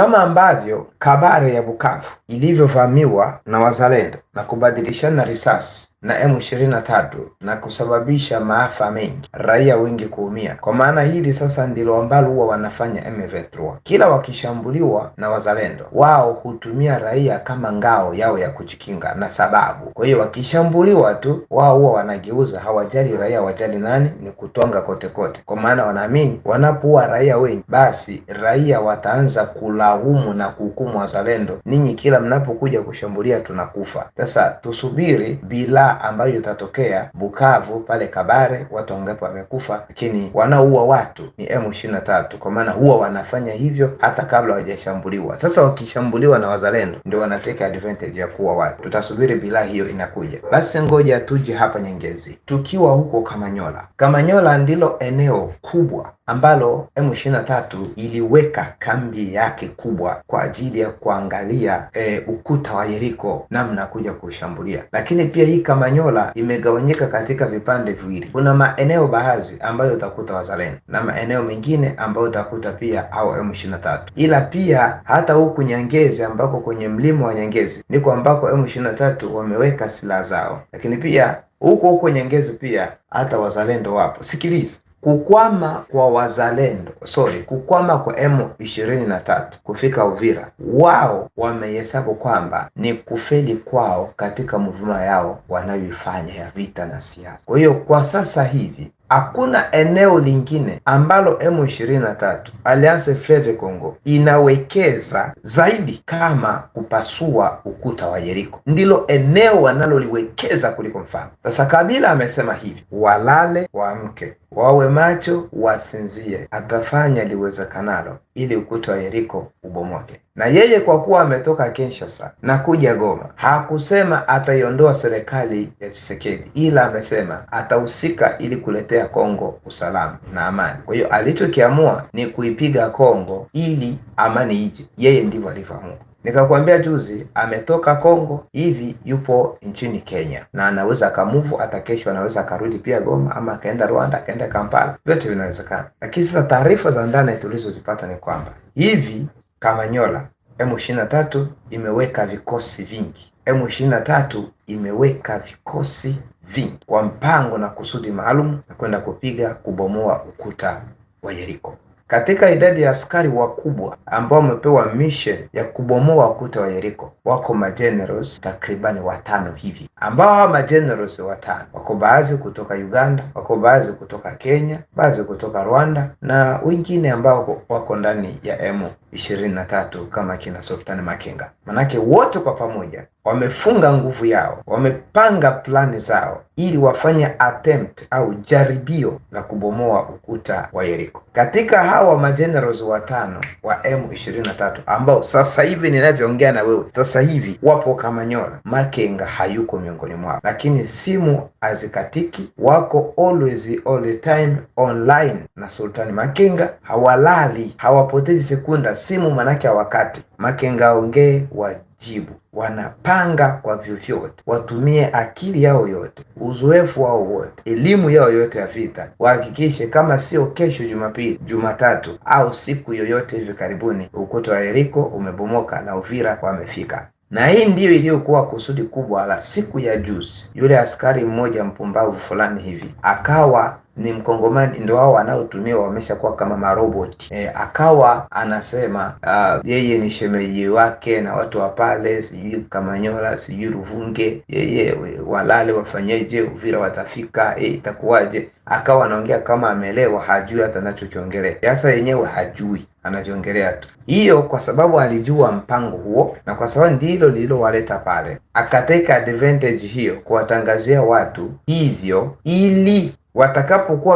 kama ambavyo Kabare ya Bukavu ilivyovamiwa na wazalendo na kubadilishana risasi na M23 na kusababisha maafa mengi, raia wengi kuumia. Kwa maana hili sasa ndilo ambalo huwa wanafanya M23. Kila wakishambuliwa na wazalendo, wao hutumia raia kama ngao yao ya kujikinga na sababu. Kwa hiyo wakishambuliwa tu, wao huwa wanageuza, hawajali raia, wajali nani, ni kutonga kote kote, kwa maana wanaamini wanapoua raia wengi, basi raia wataanza kulaumu na kuhukumu wazalendo, ninyi kila mnapokuja kushambulia tunakufa. Sasa tusubiri bila ambayo itatokea Bukavu pale Kabare, watu wangapi wamekufa, lakini wanaua watu ni M23, kwa maana huwa wanafanya hivyo hata kabla hawajashambuliwa. Sasa wakishambuliwa na wazalendo ndio wanateka advantage ya kuwa watu. Tutasubiri bila hiyo inakuja. Basi ngoja tuje hapa Nyengezi, tukiwa huko Kamanyola. Kamanyola ndilo eneo kubwa ambalo M23 iliweka kambi yake kubwa kwa ajili ya kuangalia e, ukuta wa Yeriko namna kuja kuushambulia. Lakini pia hii Kamanyola imegawanyika katika vipande viwili. Kuna maeneo baadhi ambayo utakuta wazalendo na maeneo mengine ambayo utakuta pia au M23, ila pia hata huku Nyangezi ambako kwenye mlima wa Nyangezi ndiko ambako M23 wameweka silaha zao, lakini pia huko huko Nyangezi pia hata wazalendo wapo. Sikiliza. Kukwama kwa wazalendo sorry, kukwama kwa M23 kufika Uvira, wao wamehesabu kwamba ni kufeli kwao katika mvuma yao wanayoifanya ya vita na siasa. Kwa hiyo kwa sasa hivi hakuna eneo lingine ambalo M23 Alliance Fleuve Congo inawekeza zaidi kama kupasua ukuta wa Yeriko, ndilo eneo wanaloliwekeza kuliko mfano. Sasa Kabila amesema hivi, walale waamke wawe macho, wasinzie, atafanya liwezekanalo ili ukuta wa Yeriko ubomoke. Na yeye kwa kuwa ametoka Kinshasa na kuja Goma, hakusema ataiondoa serikali ya Tshisekedi, ila amesema atahusika ili kuletea Kongo usalama na amani. Kwa hiyo alichokiamua ni kuipiga Kongo ili amani ije, yeye ndivyo alivyoamua. Nikakwambia juzi ametoka Kongo hivi yupo nchini Kenya na anaweza akamuvu, hata kesho anaweza akarudi pia Goma ama akaenda Rwanda akaenda Kampala, vyote vinawezekana. Lakini sasa taarifa za ndani tulizozipata ni kwamba hivi Kamanyola M23 imeweka vikosi vingi, M23 imeweka vikosi vingi kwa mpango na kusudi maalum na kwenda kupiga kubomoa ukuta wa Yeriko. Katika idadi ya askari wakubwa ambao wamepewa mission ya kubomoa ukuta wa Yeriko wako majenerals takribani watano hivi ambao majenerals watano wako baadhi kutoka Uganda, wako baadhi kutoka Kenya, baadhi kutoka Rwanda na wengine ambao wako ndani ya m 23 kama kina Sultan Makenga. Manake wote kwa pamoja wamefunga nguvu yao, wamepanga plani zao ili wafanye attempt au jaribio la kubomoa ukuta wa Yeriko. Katika hawa majenerals watano wa M23 ambao sasa hivi ninavyoongea na wewe sasa hivi wapo Kamanyola, Makenga hayuko miongoni mwao, lakini simu hazikatiki, wako always all the time online na Sultani Makenga hawalali, hawapotezi sekunda simu, manake hawakati. Makenga aongee wajibu, wanapanga kwa vyovyote, watumie akili yao yote, uzoefu wao wote, elimu yao yote ya vita, wahakikishe kama sio kesho Jumapili, Jumatatu au siku yoyote hivi karibuni, ukuta wa Yeriko umebomoka na Uvira wamefika na hii ndiyo iliyokuwa kusudi kubwa la siku ya juzi. Yule askari mmoja mpumbavu fulani hivi akawa ni Mkongomani, ndio hao wanaotumiwa wameshakuwa kama marobot e, akawa anasema uh, yeye ni shemeji wake na watu wa pale sijui Kamanyola sijui Ruvunge, yeye walale wafanyeje, Uvira watafika e, itakuwaje? Akawa anaongea kama amelewa, hajui hata anachokiongelea. Sasa yenyewe hajui anachongelea tu hiyo, kwa sababu alijua mpango huo na kwa sababu ndilo lililowaleta pale, akateka advantage hiyo kuwatangazia watu hivyo, ili watakapokuwa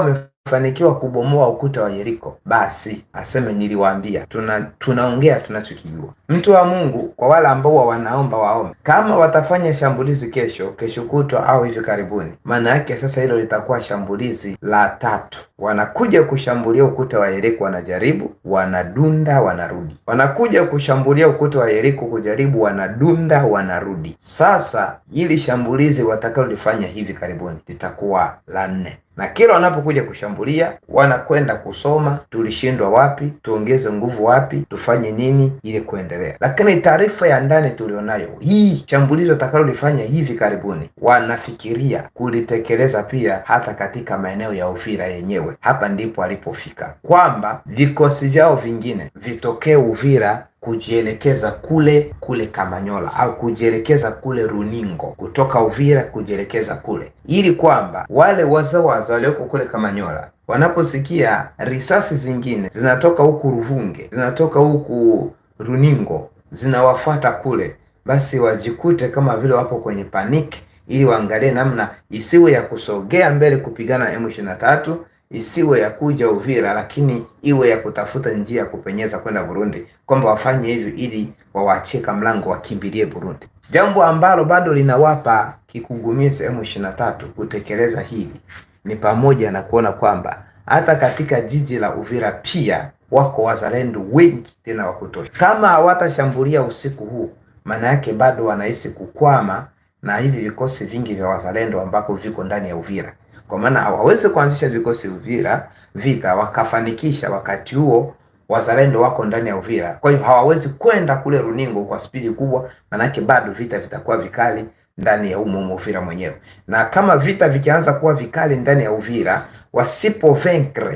wamefanikiwa kubomoa ukuta wa Yeriko, basi aseme niliwaambia. Tuna tunaongea tunachokijua. Mtu wa Mungu, kwa wale ambao wanaomba waombe, kama watafanya shambulizi kesho, kesho kutwa au hivi karibuni, maana yake sasa hilo litakuwa shambulizi la tatu wanakuja kushambulia ukuta wa Yeriko, wanajaribu, wanadunda, wanarudi, wanakuja kushambulia ukuta wa Yeriko, kujaribu, wanadunda, wanarudi. Sasa ili shambulizi watakalolifanya hivi karibuni litakuwa la nne, na kila wanapokuja kushambulia wanakwenda kusoma, tulishindwa wapi, tuongeze nguvu wapi, tufanye nini ili kuendelea. Lakini taarifa ya ndani tulionayo, hii shambulizi watakalolifanya hivi karibuni wanafikiria kulitekeleza pia hata katika maeneo ya ufira yenyewe mwenyewe. Hapa ndipo alipofika kwamba vikosi vyao vingine vitokee Uvira kujielekeza kule kule Kamanyola au kujielekeza kule Runingo, kutoka Uvira kujielekeza kule, ili kwamba wale wazawaza walioko kule Kamanyola wanaposikia risasi zingine zinatoka huku Ruvunge, zinatoka huku Runingo, zinawafuata kule, basi wajikute kama vile wapo kwenye paniki, ili waangalie namna isiwe ya kusogea mbele kupigana na M23 isiwe ya kuja Uvira, lakini iwe ya kutafuta njia ya kupenyeza kwenda Burundi, kwamba wafanye hivyo ili wawachika mlango wakimbilie Burundi, jambo ambalo bado linawapa kigugumizi M23 kutekeleza hili ni pamoja na kuona kwamba hata katika jiji la Uvira pia wako wazalendo wengi tena wa kutosha. Kama hawatashambulia usiku huu, maana yake bado wanahisi kukwama na hivi vikosi vingi vya wazalendo ambako viko ndani ya Uvira kwa maana hawawezi kuanzisha vikosi Uvira vita wakafanikisha wakati huo wazalendo wako ndani ya Uvira. Kwa hiyo hawawezi kwenda kule Runingo kwa spidi kubwa, manake bado vita vitakuwa vikali ndani ya umo Uvira mwenyewe, na kama vita vikianza kuwa vikali ndani ya Uvira, wasipo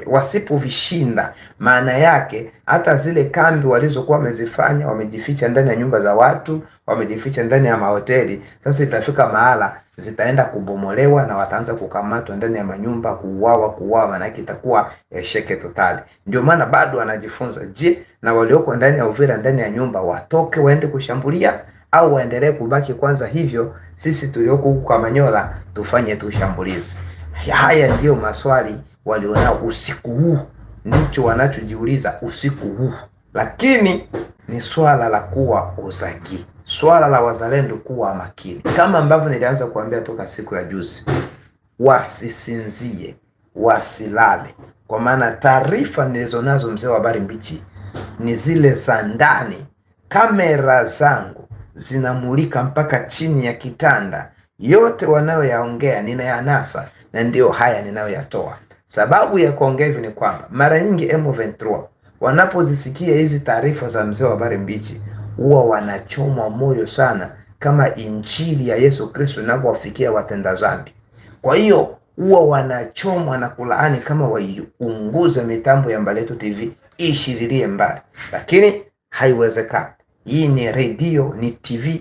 wasipo vishinda maana yake hata zile kambi walizokuwa wamezifanya, wamejificha ndani ya nyumba za watu, wamejificha ndani ya mahoteli, sasa itafika mahala zitaenda kubomolewa na wataanza kukamatwa ndani ya manyumba, kuuawa, kuuawa, maanake itakuwa eh, sheke totali. Ndio maana bado wanajifunza, je, na walioko ndani ya Uvira ndani ya nyumba watoke waende kushambulia au waendelee kubaki kwanza. Hivyo sisi tulioko huku Manyola tufanye tu shambulizi. Haya ndiyo maswali walionao usiku huu, ndicho wanachojiuliza usiku huu, lakini ni swala la kuwa uzagi, swala la wazalendo kuwa makini, kama ambavyo nilianza kuambia toka siku ya juzi, wasisinzie, wasilale, kwa maana taarifa nilizonazo mzee wa habari mbichi ni zile za ndani, kamera zangu zinamulika mpaka chini ya kitanda. Yote wanayoyaongea ninayanasa, na ndiyo haya ninayoyatoa. Sababu ya kuongea hivyo ni kwamba mara nyingi M23 wanapozisikia hizi taarifa za mzee wa habari mbichi huwa wanachomwa moyo sana, kama injili ya Yesu Kristo inapowafikia watenda dhambi. Kwa hiyo huwa wanachomwa na kulaani kama waiunguze mitambo ya Mbaletu TV ishirilie mbali, lakini haiwezekani. Hii ni redio, ni TV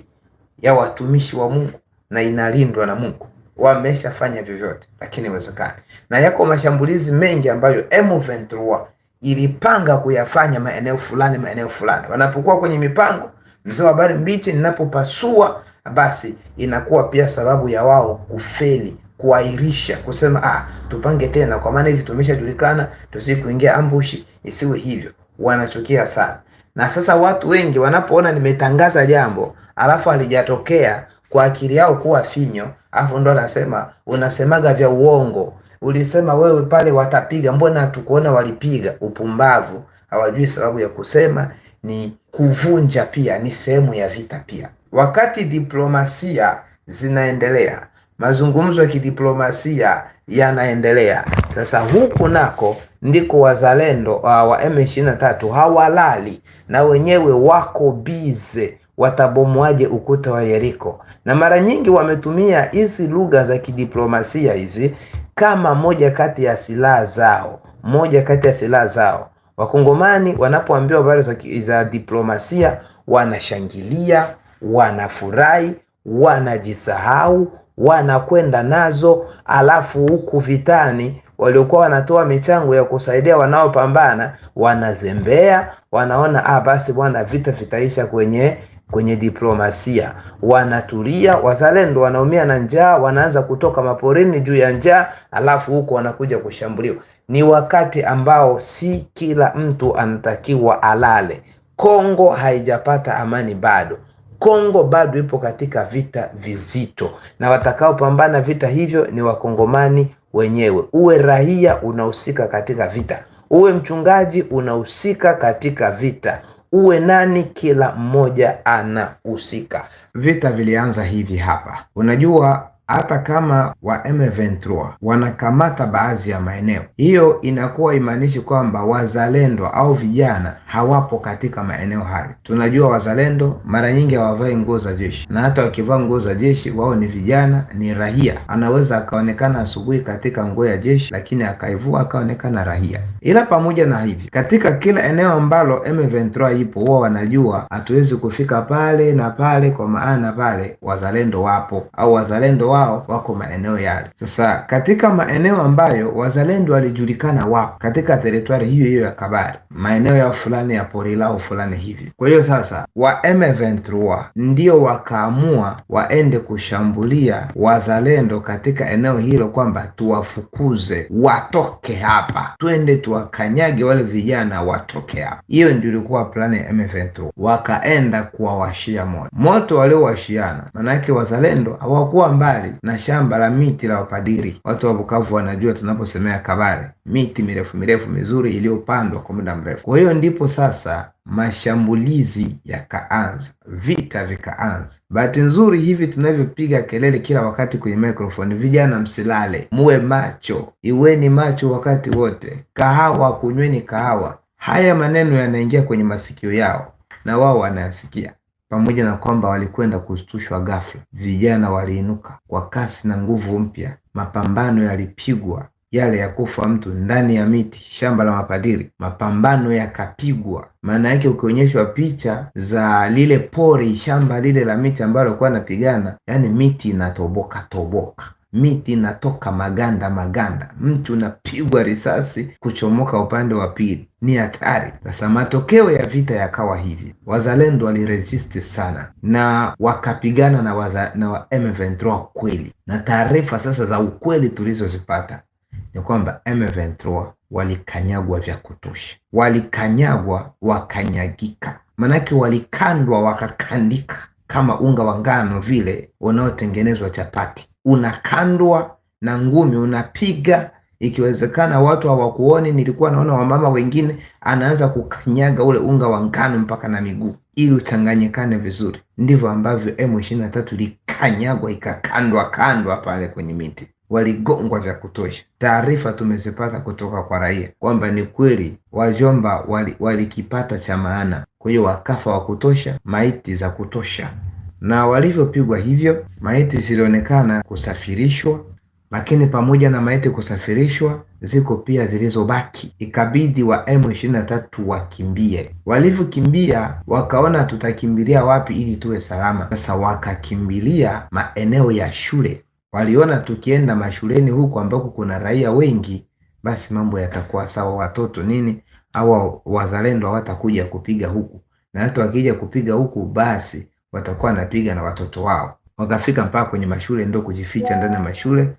ya watumishi wa Mungu na inalindwa na Mungu. Wameshafanya vyovyote, lakini iwezekani. Na yako mashambulizi mengi ambayo M23 ilipanga kuyafanya maeneo fulani, maeneo fulani. Wanapokuwa kwenye mipango, mzee wa habari mbichi, ninapopasua basi inakuwa pia sababu ya wao kufeli kuahirisha kusema ah, tupange tena, kwa maana hivi tumeshajulikana, tusi kuingia ambushi, isiwe hivyo. Wanachukia sana. Na sasa watu wengi wanapoona nimetangaza jambo alafu alijatokea kwa akili yao kuwa finyo, alafu ndo anasema unasemaga vya uongo, ulisema wewe pale watapiga, mbona tukuona walipiga? Upumbavu! Hawajui sababu ya kusema ni kuvunja, pia ni sehemu ya vita. Pia wakati diplomasia zinaendelea mazungumzo ya kidiplomasia yanaendelea. Sasa huku nako ndiko wazalendo uh, wa M23 hawalali na wenyewe wako bize watabomoaje ukuta wa Yeriko. Na mara nyingi wametumia hizi lugha za kidiplomasia hizi kama moja kati ya silaha zao, moja kati ya silaha zao. Wakongomani wanapoambiwa habari za, za diplomasia wanashangilia, wanafurahi, wanajisahau wanakwenda nazo, alafu huku vitani waliokuwa wanatoa michango ya kusaidia wanaopambana wanazembea, wanaona ah, basi bwana, vita vitaisha kwenye kwenye diplomasia. Wanatulia, wazalendo wanaumia na njaa, wanaanza kutoka maporini juu ya njaa, alafu huko wanakuja kushambuliwa. Ni wakati ambao si kila mtu anatakiwa alale. Kongo haijapata amani bado. Kongo bado ipo katika vita vizito, na watakaopambana vita hivyo ni wakongomani wenyewe. Uwe raia unahusika katika vita, uwe mchungaji unahusika katika vita, uwe nani, kila mmoja anahusika. Vita vilianza hivi hapa, unajua hata kama wa M23 wanakamata baadhi ya maeneo, hiyo inakuwa imaanishi kwamba wazalendo au vijana hawapo katika maeneo hayo. Tunajua wazalendo mara nyingi hawavai nguo za jeshi, na hata wakivaa nguo za jeshi wao ni vijana, ni rahia. Anaweza akaonekana asubuhi katika nguo ya jeshi, lakini akaivua akaonekana rahia. Ila pamoja na hivi, katika kila eneo ambalo M23 ipo, wao wanajua hatuwezi kufika pale na pale, kwa maana pale wazalendo wapo au wazalendo wapo wao wako maeneo yale. Sasa katika maeneo ambayo wazalendo walijulikana wao katika teritwari hiyo hiyo ya Kabare, maeneo ya fulani ya pori lao fulani hivi. Kwa hiyo sasa wa M23 ndio wakaamua waende kushambulia wazalendo katika eneo hilo, kwamba tuwafukuze, watoke hapa, twende tuwakanyage wale vijana, watoke hapa. Hiyo ndio ilikuwa plani ya M23, wakaenda kuwawashia moto moto waliowashiana, manake wazalendo hawakuwa mbali Kabare na shamba la miti la wapadiri. Watu wa Bukavu wanajua tunaposemea Kabare, miti mirefu mirefu mizuri iliyopandwa kwa muda mrefu. Kwa hiyo ndipo sasa mashambulizi yakaanza, vita vikaanza. Bahati nzuri hivi tunavyopiga kelele kila wakati kwenye mikrofoni, vijana msilale, muwe macho, iweni macho wakati wote, kahawa kunyweni kahawa. Haya maneno yanaingia kwenye masikio yao na wao wanayasikia. Pamoja na kwamba walikwenda kustushwa ghafla, vijana waliinuka kwa kasi na nguvu mpya. Mapambano yalipigwa, yale ya kufa mtu ndani ya miti, shamba la mapadiri, mapambano yakapigwa. Maana yake ukionyeshwa picha za lile pori, shamba lile la miti ambalo alikuwa anapigana, yani miti inatoboka toboka miti inatoka maganda maganda, mtu unapigwa risasi kuchomoka upande wa pili ni hatari. Sasa matokeo ya vita yakawa hivi, wazalendo waliresist sana na wakapigana na, waza, na wa M23 kweli, na taarifa sasa za ukweli tulizozipata ni kwamba M23 walikanyagwa vya kutosha, walikanyagwa wakanyagika, manake walikandwa wakakandika kama unga wa ngano vile unaotengenezwa chapati, unakandwa na ngumi unapiga Ikiwezekana watu hawakuoni, nilikuwa naona wamama wengine anaanza kukanyaga ule unga wa ngano mpaka na miguu ili uchanganyikane vizuri. Ndivyo ambavyo M23 likanyagwa ikakandwa kandwa pale kwenye miti, waligongwa vya kutosha. Taarifa tumezipata kutoka kwa raia kwamba ni kweli wajomba walikipata wali cha maana, kwa hiyo wakafa wa kutosha, maiti za kutosha, na walivyopigwa hivyo maiti zilionekana kusafirishwa lakini pamoja na maiti kusafirishwa, ziko pia zilizobaki. Ikabidi wa M23 wakimbie. Walivyokimbia wakaona tutakimbilia wapi ili tuwe salama. Sasa wakakimbilia maeneo ya shule, waliona tukienda mashuleni huku ambako kuna raia wengi, basi mambo yatakuwa sawa, watoto nini au wazalendo hawatakuja kupiga huku, na hata wakija kupiga huku, basi watakuwa wanapiga na watoto wao. Wakafika mpaka kwenye mashule, ndo kujificha ndani ya mashule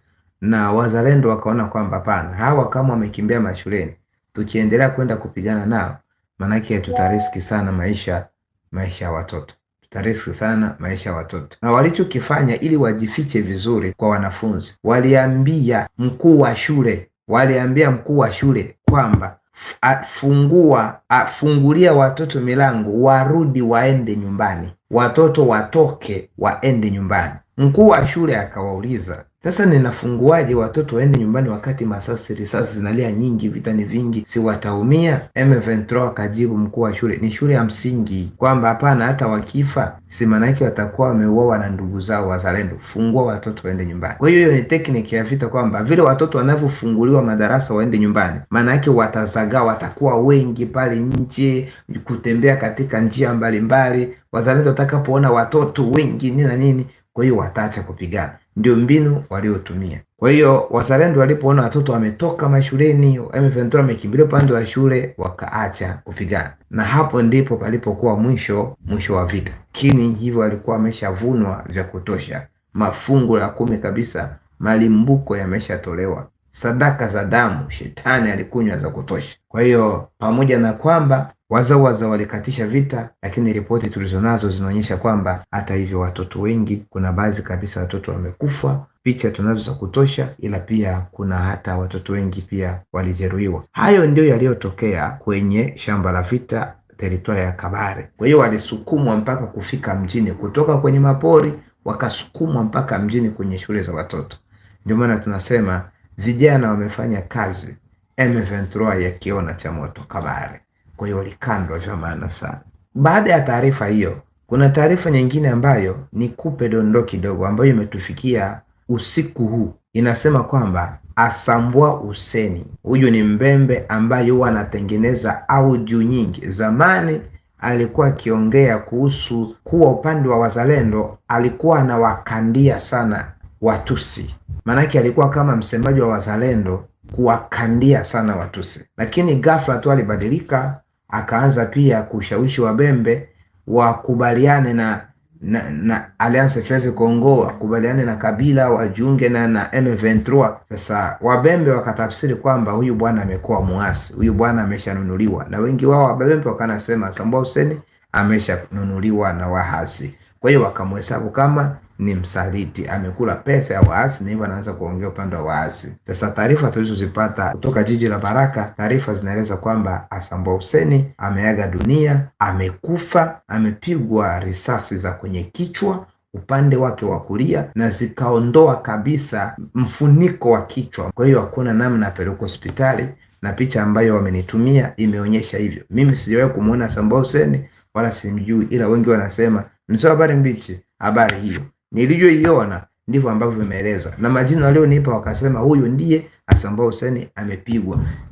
na wazalendo wakaona kwamba hapana, hawa kama wamekimbia mashuleni, tukiendelea kwenda kupigana nao, maanake tutariski sana maisha maisha ya watoto tutariski sana maisha ya watoto. Na walichokifanya ili wajifiche vizuri kwa wanafunzi, waliambia mkuu wa shule, waliambia mkuu wa shule kwamba afungua afungulia watoto milango, warudi waende nyumbani, watoto watoke waende nyumbani. Mkuu wa shule akawauliza sasa ninafunguaje watoto waende nyumbani wakati masasi risasi zinalia nyingi, vita ni vingi, si wataumia? M23 akajibu mkuu wa shule, ni shule ya msingi, kwamba hapana, hata wakifa si manake watakuwa wameuawa na ndugu zao wazalendo. Fungua watoto waende nyumbani. Kwa hiyo hiyo ni tekniki ya vita, kwamba vile watoto wanavyofunguliwa madarasa waende nyumbani, yake watazagaa, watakuwa wengi pale nje, kutembea katika njia mbalimbali, wazalendo watakapoona watoto wengi nini na nini kwa hiyo wataacha kupigana. Ndio mbinu waliotumia. Kwa hiyo wazalendo walipoona watoto wametoka mashuleni, Ventura amekimbilia upande wa shule, wakaacha kupigana, na hapo ndipo palipokuwa mwisho mwisho wa vita. Lakini hivyo walikuwa wameshavunwa vya kutosha, mafungu la kumi kabisa, malimbuko yameshatolewa sadaka za damu shetani alikunywa za kutosha. Kwa hiyo pamoja na kwamba wazawaza walikatisha vita, lakini ripoti tulizonazo zinaonyesha kwamba hata hivyo watoto wengi, kuna baadhi kabisa watoto wamekufa, picha tunazo za kutosha, ila pia kuna hata watoto wengi pia walijeruhiwa. Hayo ndio yaliyotokea kwenye shamba la vita teritoria ya Kabare. Kwa hiyo walisukumwa mpaka kufika mjini, kutoka kwenye mapori wakasukumwa mpaka mjini kwenye shule za watoto. Ndio maana tunasema Vijana wamefanya kazi M23 ya kiona cha moto Kabare, kwa hiyo walikandwa vya maana sana. Baada ya taarifa hiyo, kuna taarifa nyingine ambayo ni kupe dondoo kidogo, ambayo imetufikia usiku huu. Inasema kwamba Asambwa useni huyu ni mbembe ambaye huwa anatengeneza audio nyingi. Zamani alikuwa akiongea kuhusu kuwa upande wa wazalendo, alikuwa anawakandia sana Watusi, maanake alikuwa kama msemaji wa wazalendo kuwakandia sana Watusi, lakini ghafla tu alibadilika, akaanza pia kushawishi Wabembe wakubaliane na na, na Alliance Fleuve Congo wakubaliane na Kabila wajiunge na na M23. Sasa Wabembe wakatafsiri kwamba huyu bwana amekuwa muasi, huyu bwana ameshanunuliwa, na wengi wao Wabembe wakanasema Sambwa Hussein ameshanunuliwa na Wahasi, kwa hiyo wakamhesabu kama ni msaliti, amekula pesa ya waasi, na hivyo anaanza kuongea upande wa waasi. Sasa taarifa tulizozipata kutoka jiji la Baraka, taarifa zinaeleza kwamba Asambwa Huseni ameaga dunia, amekufa, amepigwa risasi za kwenye kichwa upande wake wa kulia na zikaondoa kabisa mfuniko wa kichwa, kwa hiyo hakuna namna apelekwa hospitali, na picha ambayo wamenitumia imeonyesha hivyo. Mimi sijawahi kumwona Asambwa Huseni wala simjui, ila wengi wanasema mzee habari mbichi, habari hiyo nilivyoiona ndivyo ambavyo vimeeleza na majina walionipa wakasema, huyu ndiye Asambao Hussein amepigwa.